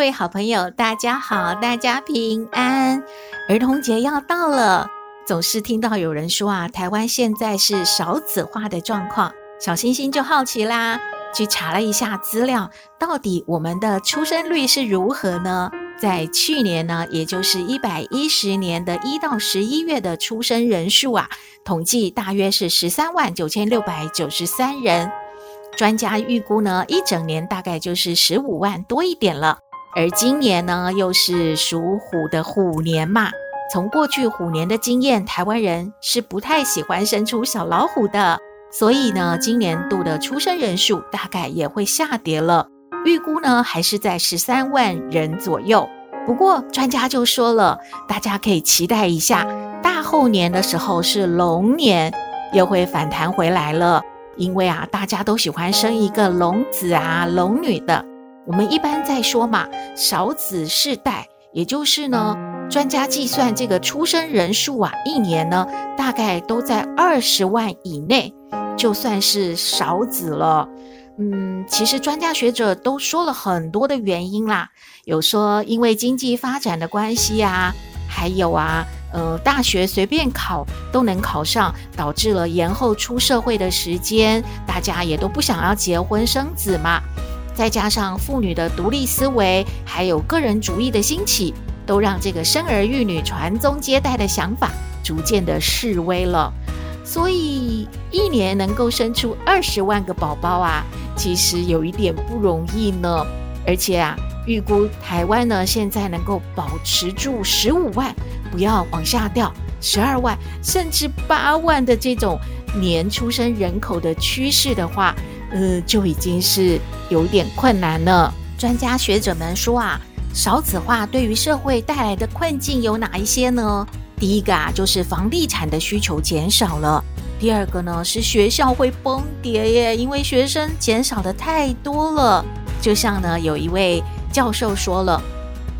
各位好朋友，大家好，大家平安。兒童節要到了，總是聽到有人說啊，台灣現在是少子化的狀況。小星星就好奇啦，去查了一下資料，到底我們的出生率是如何呢？在去年呢，也就是一百一十年的一到十一月的出生人數啊，統計大約是十三萬九千六百九十三人。專家預估呢，一整年大概就是十五萬多一點了。而今年呢，又是屬虎的虎年嘛。從過去虎年的經驗，台灣人是不太喜歡生出小老虎的，所以呢，今年度的出生人數大概也會下跌了。預估呢，還是在十三萬人左右。不過專家就說了，大家可以期待一下，大後年的時候是龍年，又會反彈回來了。因為啊，大家都喜歡生一個龍子啊，龍女的。我們一般在說嘛，少子世代，也就是呢，專家計算這個出生人數啊，一年呢大概都在二十萬以內，就算是少子了。嗯，其實專家學者都說了很多的原因啦，有說因為經濟發展的關係啊，還有啊，呃，大學隨便考都能考上，導致了延後出社會的時間，大家也都不想要結婚生子嘛。再加上婦女的獨立思維，還有個人主義的興起，都讓這個生兒育女、傳宗接代的想法逐漸的式微了。所以，一年能夠生出二十萬個寶寶啊，其實有一點不容易呢。而且啊，預估台灣呢現在能夠保持住十五萬，不要往下掉12萬，十二萬甚至八萬的這種年出生人口的趨勢的話，呃，就已經是有點困難了。專家學者們說啊，少子化對於社會帶來的困境有哪一些呢？第一個啊，就是房地產的需求減少了；第二個呢，是學校會崩跌耶，因為學生減少的太多了。就像呢，有一位教授說了，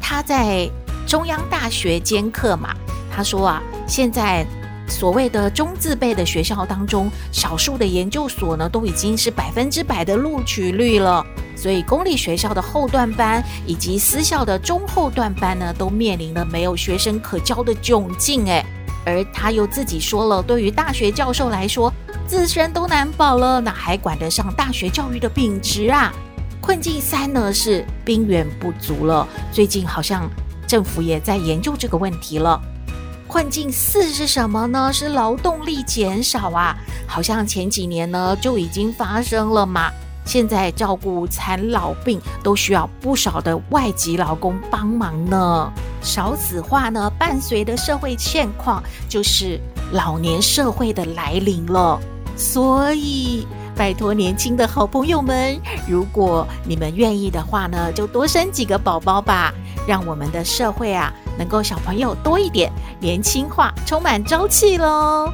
他在中央大學兼課嘛，他說啊，現在。所謂的中字輩的學校當中，少數的研究所呢，都已經是百分之百的錄取率了。所以公立學校的後段班以及私校的中後段班呢，都面臨了沒有學生可教的窘境。哎，而他又自己說了，對於大學教授來說，自身都難保了，哪還管得上大學教育的品質啊？困境三呢是兵源不足了，最近好像政府也在研究這個問題了。困境四是什麼呢？是勞動力減少啊！好像前幾年呢就已經發生了嘛。現在照顧殘老病都需要不少的外籍勞工幫忙呢。少子化呢伴隨的社會現況就是老年社會的來臨了。所以拜託年輕的好朋友們，如果你們願意的話呢，就多生幾個寶寶吧，讓我們的社會啊，能夠小朋友多一點年輕化，充滿朝氣咯！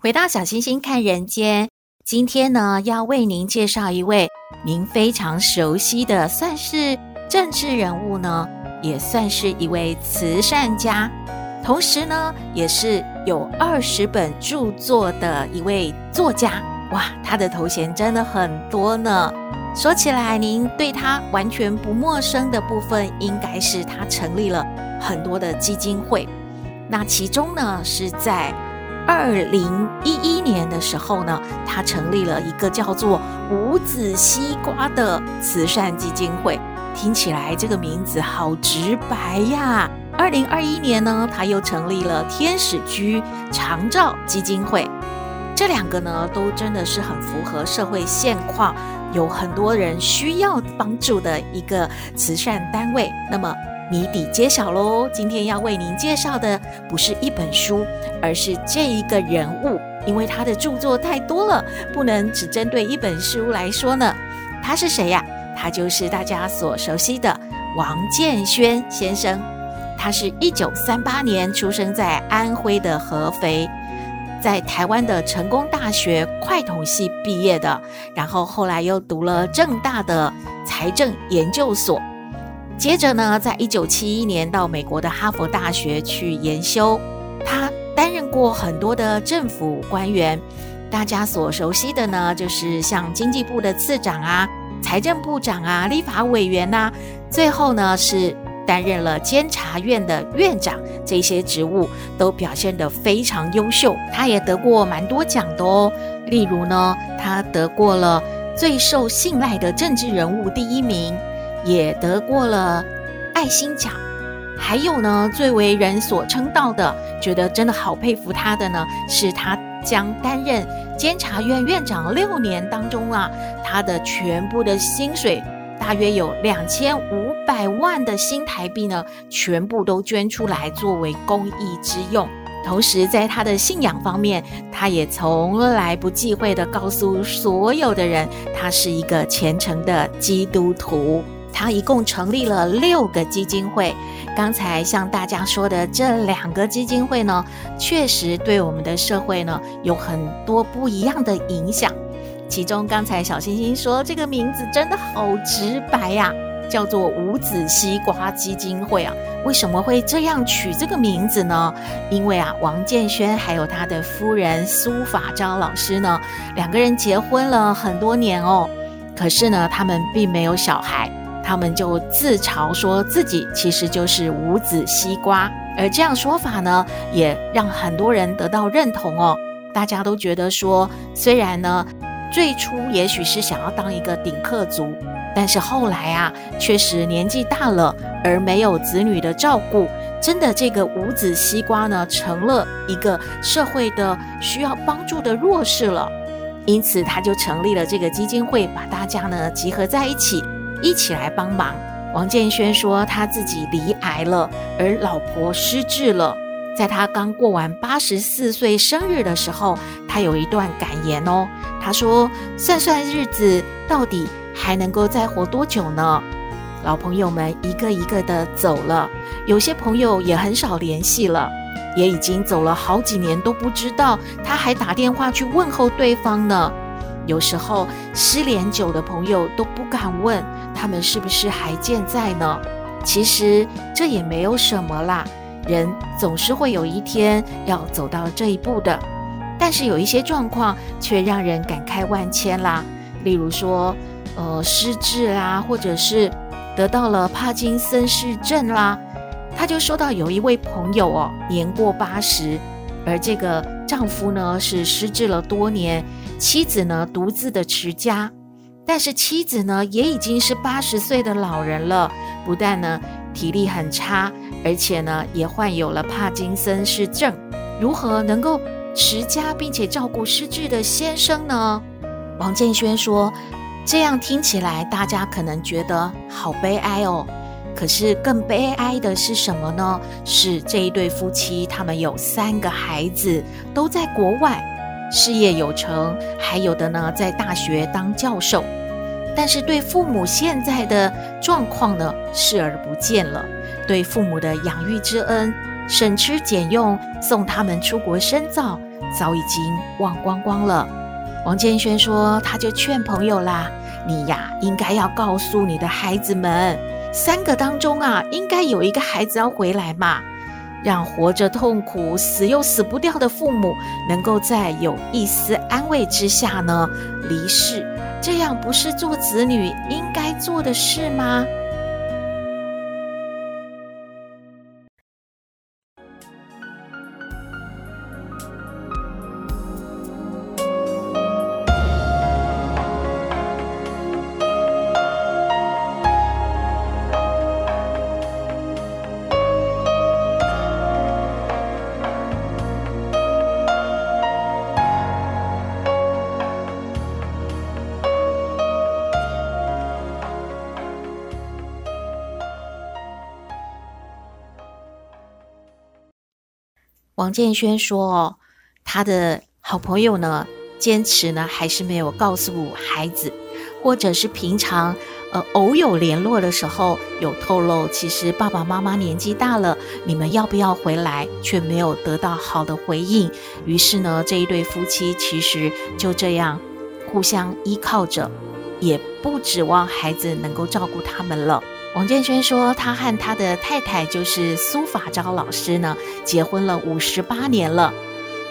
回到小星星看人間，今天呢要為您介紹一位您非常熟悉的，算是政治人物呢，也算是一位慈善家，同時呢也是。有二十本著作的一位作家，哇，他的頭銜真的很多呢。說起來，您對他完全不陌生的部分，應該是他成立了很多的基金會。那其中呢，是在二零一一年的時候呢，他成立了一個叫做“無子西瓜”的慈善基金會。聽起來這個名字好直白呀。二零二一年呢，他又成立了天使居長照基金會。這兩個呢，都真的是很符合社會現況，有很多人需要幫助的一個慈善單位。那麼謎底揭曉嘍！今天要為您介紹的不是一本書，而是這一個人物，因為他的著作太多了，不能只針對一本書來說呢。他是誰呀、啊？他就是大家所熟悉的王建煊先生。他是一九三八年出生在安徽的合肥，在台灣的成功大學會計系畢業的，然後後來又讀了政大的財政研究所，接着呢，在一九七一年到美國的哈佛大學去研修。他擔任過很多的政府官員，大家所熟悉的呢，就是像經濟部的次長啊、財政部長啊、立法委員呐、啊，最後呢是。擔任了監察院的院長，這些職務都表現得非常優秀。他也得過蠻多獎的哦，例如呢，他得過了最受信賴的政治人物第一名，也得過了愛心獎。還有呢，最為人所稱道的，覺得真的好佩服他的呢，是他將擔任監察院院長六年當中啊，他的全部的薪水大約有兩千五。百萬的新台幣呢，全部都捐出來作為公益之用。同時，在他的信仰方面，他也從來不忌諱地告訴所有的人，他是一個虔誠的基督徒。他一共成立了六個基金會。剛才向大家說的這兩個基金會呢，確實對我們的社會呢有很多不一樣的影響。其中，剛才小星星說這個名字真的好直白呀，啊。叫做無子西瓜基金會啊？為什麼會這樣取這個名字呢？因為啊，王建煊還有他的夫人蘇法章老師呢，兩個人結婚了很多年哦，可是呢，他們並沒有小孩，他們就自嘲說自己其實就是無子西瓜，而這樣說法呢，也讓很多人得到認同哦。大家都覺得說，雖然呢，最初也許是想要當一個頂客族。但是後來啊，確實年紀大了，而沒有子女的照顧，真的這個無子西瓜呢，成了一個社會的需要幫助的弱勢了。因此，他就成立了這個基金會，把大家呢集合在一起，一起來幫忙。王建煊說他自己罹癌了，而老婆失智了。在他剛過完八十四歲生日的時候，他有一段感言哦，他說：“算算日子，到底……”還能夠再活多久呢？老朋友們一個一個的走了，有些朋友也很少聯繫了，也已經走了好幾年都不知道，他還打電話去問候對方呢。有時候失聯久的朋友都不敢問他們是不是還健在呢。其實這也沒有什麼啦，人總是會有一天要走到這一步的。但是有一些狀況卻讓人感慨萬千啦，例如說。呃，失智啦、啊，或者是得到了帕金森氏症啦，他就說到有一位朋友哦，年過八十，而這個丈夫呢是失智了多年，妻子呢獨自的持家，但是妻子呢也已經是八十歲的老人了，不但呢體力很差，而且呢也患有了帕金森氏症，如何能夠持家並且照顧失智的先生呢？王建煊說。這樣聽起來，大家可能覺得好悲哀哦。可是更悲哀的是什麼呢？是這一對夫妻，他們有三個孩子都在國外，事業有成，還有的呢在大學當教授。但是對父母現在的狀況呢，視而不見了，對父母的養育之恩，省吃儉用送他們出國深造，早已經忘光光了。王建煊說：“他就勸朋友啦，你呀、啊，應該要告訴你的孩子們，三個當中啊，應該有一個孩子要回來嘛，讓活着痛苦、死又死不掉的父母，能夠在有一絲安慰之下呢離世，這樣不是做子女應該做的事嗎？”王建煊說：“哦，他的好朋友呢，堅持呢，還是沒有告訴孩子，或者是平常，呃，偶有聯絡的時候有透露，其實爸爸媽媽年紀大了，你們要不要回來？卻沒有得到好的回應。於是呢，這一對夫妻其實就這樣互相依靠着，也不指望孩子能夠照顧他們了。”王建煊說，他和他的太太就是蘇法昭老師呢，結婚了五十八年了，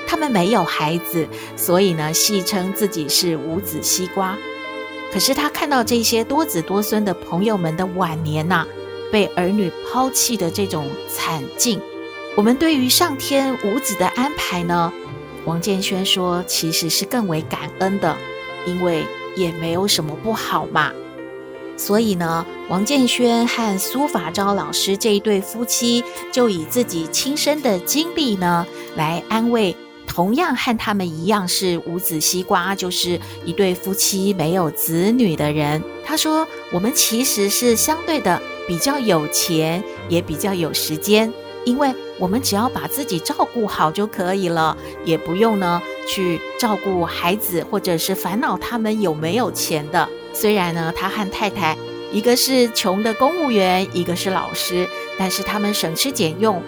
他們沒有孩子，所以呢，戲稱自己是無子西瓜。可是他看到這些多子多孫的朋友們的晚年吶、啊，被兒女拋棄的這種慘境，我們對於上天無子的安排呢，王建煊說，其實是更為感恩的，因為也沒有什麼不好嘛。所以呢，王建煊和蘇法昭老師這一對夫妻，就以自己親身的經歷呢，來安慰同樣和他們一樣是無子西瓜，就是一對夫妻沒有子女的人。他說：“我們其實是相對的，比較有錢，也比較有時間，因為我們只要把自己照顧好就可以了，也不用呢去照顧孩子，或者是煩惱他們有沒有錢的。”雖然呢，他和太太一個是窮的公務員，一個是老師，但是他們省吃儉用，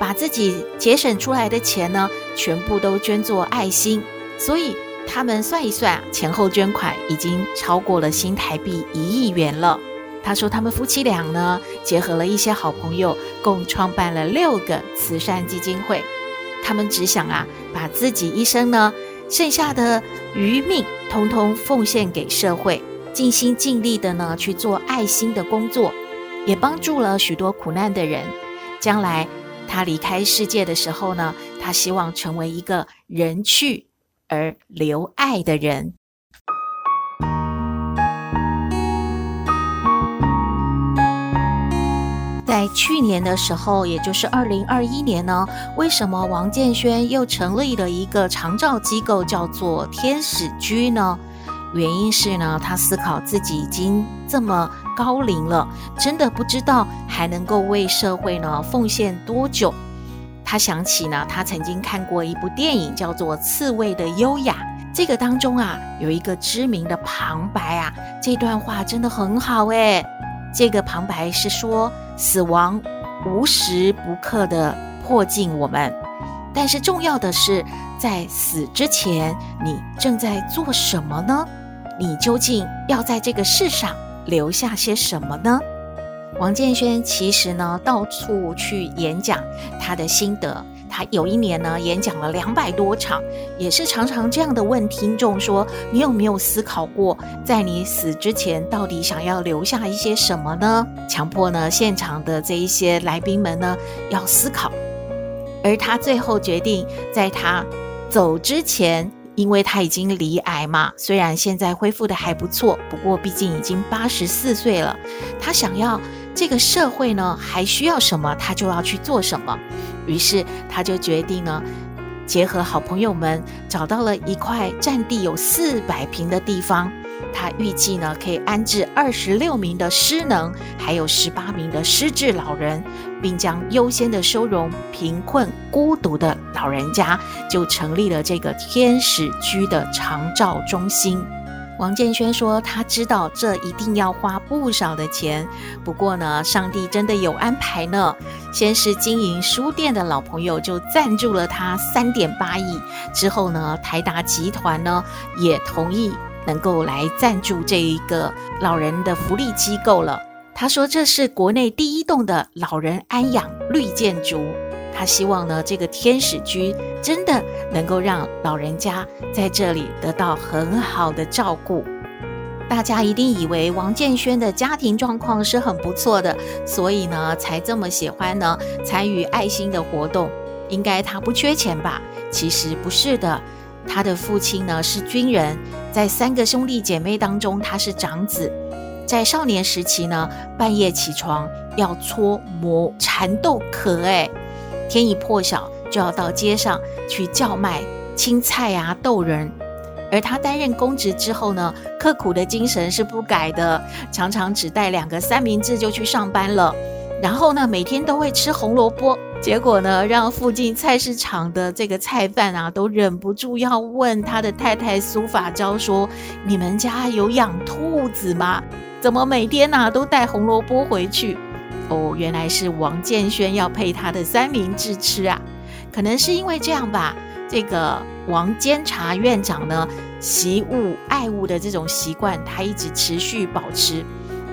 把自己節省出來的錢呢，全部都捐作愛心。所以他們算一算，前後捐款已經超過了新台幣一億元了。他說，他們夫妻倆呢，結合了一些好朋友，共創辦了六個慈善基金會。他們只想啊，把自己一生呢，剩下的餘命，通通奉獻給社會。盡心盡力的呢，去做愛心的工作，也幫助了許多苦難的人。將來他離開世界的時候呢，他希望成為一個人去而留愛的人。在去年的時候，也就是二零二一年呢，為什麼王建煊又成立了一個長照機構，叫做天使居呢？原因是呢，他思考自己已經這麼高齡了，真的不知道還能夠為社會呢奉獻多久。他想起呢，他曾經看過一部電影，叫做《刺蝟的優雅》。這個當中啊，有一個知名的旁白啊，這段話真的很好誒、欸。這個旁白是說：死亡無時不刻地迫近我們，但是重要的是，在死之前，你正在做什麼呢？你究竟要在這個世上留下些什麼呢？王建煊，其實呢，到處去演講他的心得。他有一年呢，演講了兩百多場，也是常常這樣的問聽眾說：“你有沒有思考過，在你死之前，到底想要留下一些什麼呢？”強迫呢，現場的這一些來賓們呢，要思考。而他最後決定，在他走之前，因為他已經罹癌嘛，雖然現在恢復的還不錯，不過畢竟已經八十四歲了。他想要這個社會呢，還需要什麼，他就要去做什麼。於是他就決定呢，結合好朋友們，找到了一塊占地有四百平的地方。他預計呢可以安置二十六名的失能，還有十八名的失智老人，並將優先的收容貧困孤獨的老人家，就成立了這個天使居的長照中心。王建煊說：“他知道這一定要花不少的錢，不過呢，上帝真的有安排呢。先是經營書店的老朋友就贊助了他三點八億，之後呢，台達集團呢也同意。”能夠來贊助這一個老人的福利機構了。他說，這是國內第一棟的老人安養綠建築。他希望呢，這個天使居真的能夠讓老人家在這裡得到很好的照顧。大家一定以為王建煊的家庭狀況是很不錯的，所以呢，才這麼喜歡呢，參與愛心的活動。應該他不缺錢吧？其實不是的。他的父親呢，是軍人，在三個兄弟姐妹當中，他是長子。在少年時期呢，半夜起床要搓磨蠶豆殼，欸，哎，天一破曉就要到街上去叫賣青菜啊、豆仁。而他擔任公職之後呢，刻苦的精神是不改的，常常只帶兩個三明治就去上班了。然後呢，每天都會吃紅蘿蔔。結果呢，讓附近菜市場的這個菜販啊，都忍不住要問他的太太蘇法昭：‘說：“你們家有養兔子嗎？怎麼每天呢、啊、都帶紅蘿蔔回去？”哦，原來是王建煊要配他的三明治吃啊。可能是因為這樣吧，這個王監察院長呢，惜物愛物的這種習慣，他一直持續保持。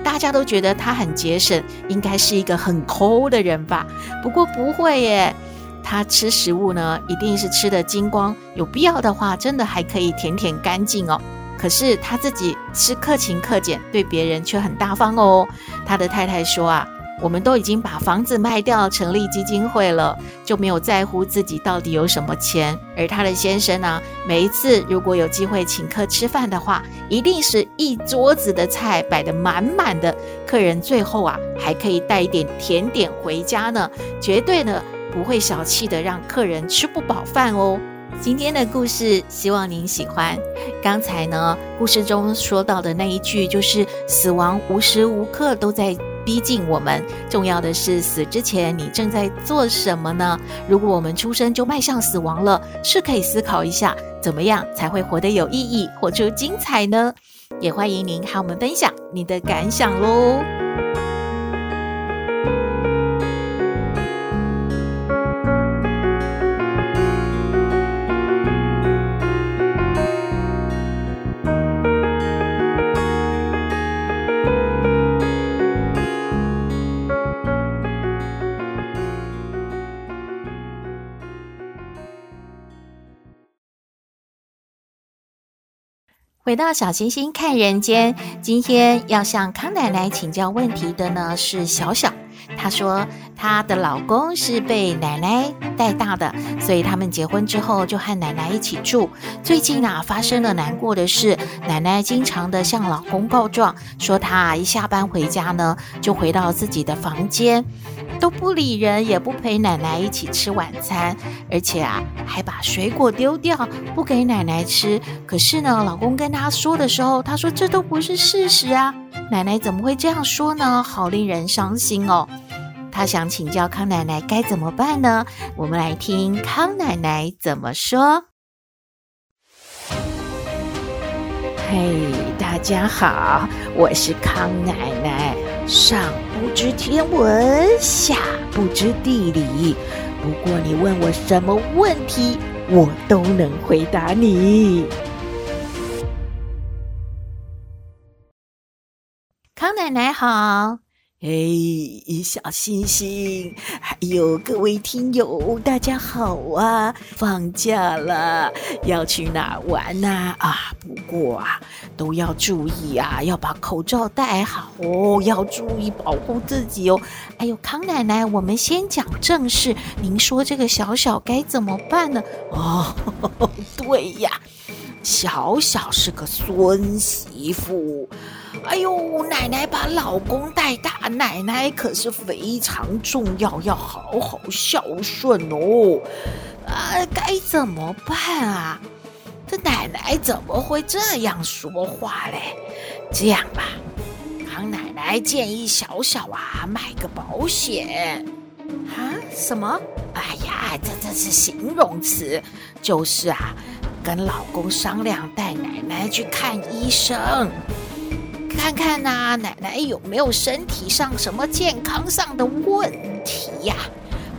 大家都覺得他很節省，應該是一個很摳的人吧？不過不會耶，他吃食物呢，一定是吃得精光，有必要的話，真的還可以舔舔乾淨哦。可是他自己吃克勤克儉，對別人卻很大方哦。他的太太說啊。我們都已經把房子賣掉，成立基金會了，就沒有在乎自己到底有什麼錢。而他的先生呢，啊，每一次如果有機會請客吃飯的話，一定是一桌子的菜擺得滿滿的，客人最後啊還可以帶一點甜點回家呢，絕對的不會小氣的讓客人吃不飽飯哦。今天的故事希望您喜歡。剛才呢，故事中說到的那一句就是“死亡無時無刻都在”。逼近我們，重要的是死之前你正在做什麼呢？如果我們出生就邁向死亡了，是可以思考一下，怎麼樣才會活得有意義，活出精彩呢？也歡迎您和我們分享你的感想咯。回到小星星看人間，今天要向康奶奶請教問題的呢，是小小。她說，她的老公是被奶奶帶大的，所以他們結婚之後就和奶奶一起住。最近啊，發生了難過的事，奶奶經常的向老公告狀，說她啊一下班回家呢就回到自己的房間，都不理人，也不陪奶奶一起吃晚餐，而且啊還把水果丟掉，不給奶奶吃。可是呢，老公跟她說的時候，她說這都不是事實啊，奶奶怎麼會這樣說呢？好令人傷心哦。他想請教康奶奶該怎麼辦呢？我們來聽康奶奶怎麼說。嘿，hey, 大家好，我是康奶奶，上不知天文，下不知地理，不過你問我什麼問題，我都能回答你。康奶奶好。哎，小星星，還有各位聽友，大家好啊！放假了，要去哪玩呢？啊，啊，不過啊，都要注意啊，要把口罩戴好哦，要注意保護自己哦。哎喲，康奶奶，我們先講正事，您說這個小小該怎麼辦呢？哦，呵呵，對呀，小小是個孫媳婦。哎呦，奶奶把老公帶大，奶奶可是非常重要，要好好孝順哦。啊、呃，該怎麼辦啊？這奶奶怎麼會這樣說話嘞？這樣吧，康奶奶建議小小啊買個保險。啊？什麼？哎呀，這這是形容詞，就是啊，跟老公商量帶奶奶去看醫生。看看吶、啊，奶奶有沒有身體上什麼健康上的問題呀、啊？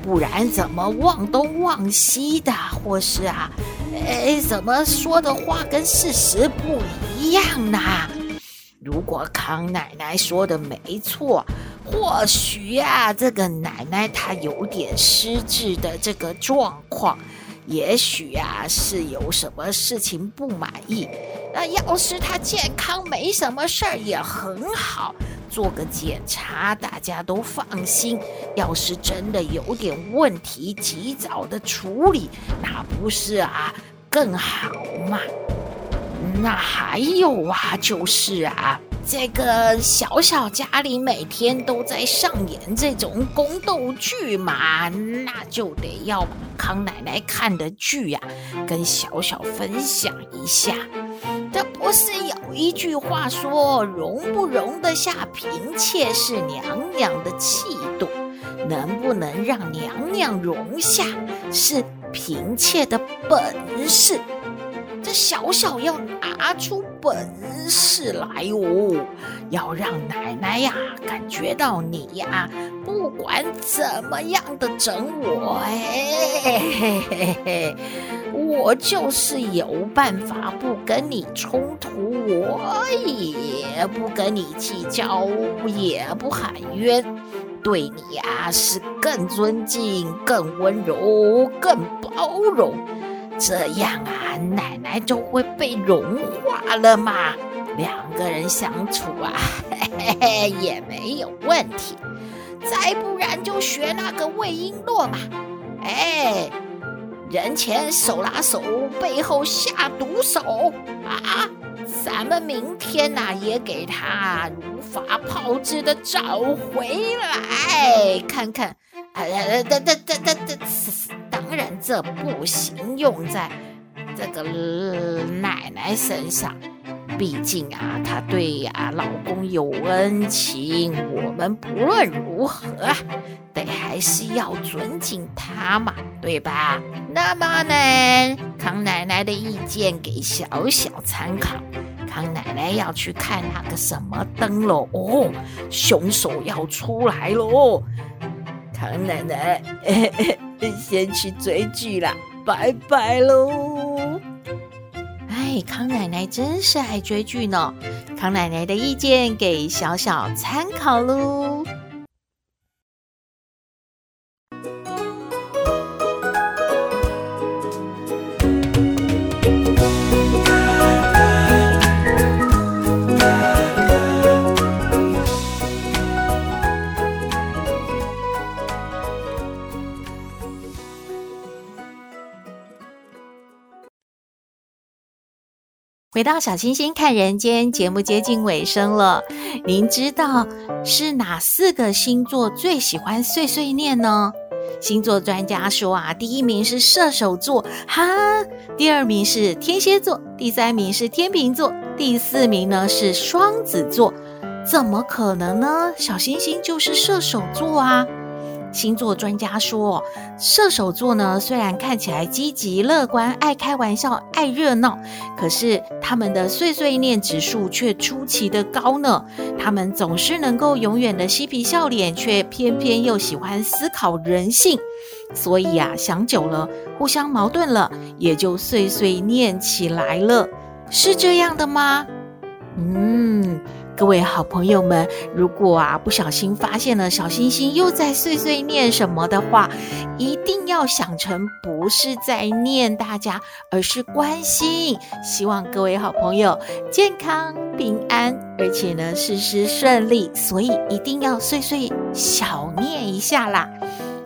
不然怎麼忘東忘西的，或是啊，誒、欸，怎麼說的話跟事實不一樣呢？如果康奶奶說的沒錯，或許呀、啊，這個奶奶她有點失智的這個狀況。也許啊，是有什麼事情不滿意。那要是他健康沒什麼事兒也很好，做個檢查，大家都放心。要是真的有點問題，及早的處理，那不是啊更好嗎？那還有啊，就是啊。這個小小家裡每天都在上演這種宮鬥劇嘛，那就得要把康奶奶看的劇呀、啊，跟小小分享一下。這不是有一句話說“容不容得下嬪妾是娘娘的氣度，能不能讓娘娘容下是嬪妾的本事”。這小小要拿出本事來哦，要讓奶奶呀、啊、感覺到你呀、啊，不管怎麼樣的整我嘿嘿嘿嘿，我就是有辦法不跟你衝突我，我也不跟你計較，也不喊冤，對你呀、啊、是更尊敬、更溫柔、更包容。這樣啊，奶奶就會被融化了嘛，兩個人相處啊，嘿嘿嘿也沒有問題。再不然就學那個魏瓔珞嘛，哎，人前手拉手，背後下毒手啊！咱們明天吶、啊，也給她如法炮製的找回來，看看。呃然這不行，用在這個、呃、奶奶身上。畢竟啊，她對啊老公有恩情，我們不論如何，得還是要尊敬她嘛，對吧？那麼呢，康奶奶的意見給小小參考。康奶奶要去看那個什麼燈籠哦，凶手要出來嘍！康奶奶。哎先去追劇啦，拜拜嘍！哎，康奶奶真是愛追劇呢，康奶奶的意見給小小參考嘍。回到小星星看人間節目接近尾聲了，您知道是哪四個星座最喜歡碎碎念呢？星座專家說啊，第一名是射手座，哈，第二名是天蠍座，第三名是天秤座，第四名呢，是雙子座。怎麼可能呢？小星星就是射手座啊！星座專家說，射手座呢，雖然看起來積極樂觀、愛開玩笑、愛熱鬧，可是他們的碎碎念指數卻出奇的高呢。他們總是能夠永遠的嬉皮笑臉，卻偏偏又喜歡思考人性，所以啊，想久了，互相矛盾了，也就碎碎念起來了，是這樣的嗎？嗯。各位好朋友們，如果啊不小心發現了小星星又在碎碎念什麼的話，一定要想成不是在念大家，而是關心，希望各位好朋友健康平安，而且呢事事順利，所以一定要碎碎小念一下啦。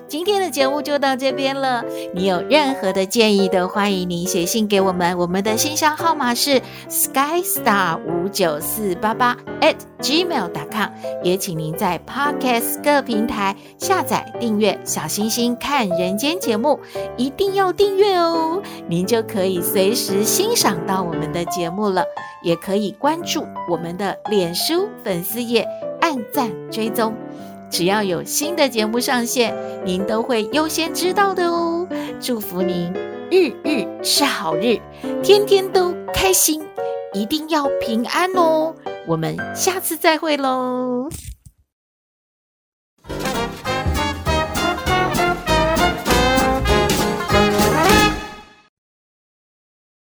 今天的節目就到這邊了。你有任何的建議都歡迎您寫信給我們，我們的信箱號碼是 skystar 五九四八八 at gmail.com。也請您在 Podcast 各平台下載訂閱《小星星看人間》節目，一定要訂閱哦，您就可以隨時欣賞到我們的節目了。也可以關注我們的臉書粉絲頁，按讚追蹤。只要有新的節目上線，您都會優先知道的哦。祝福您日日是好日，天天都開心，一定要平安哦。我們下次再會嘍。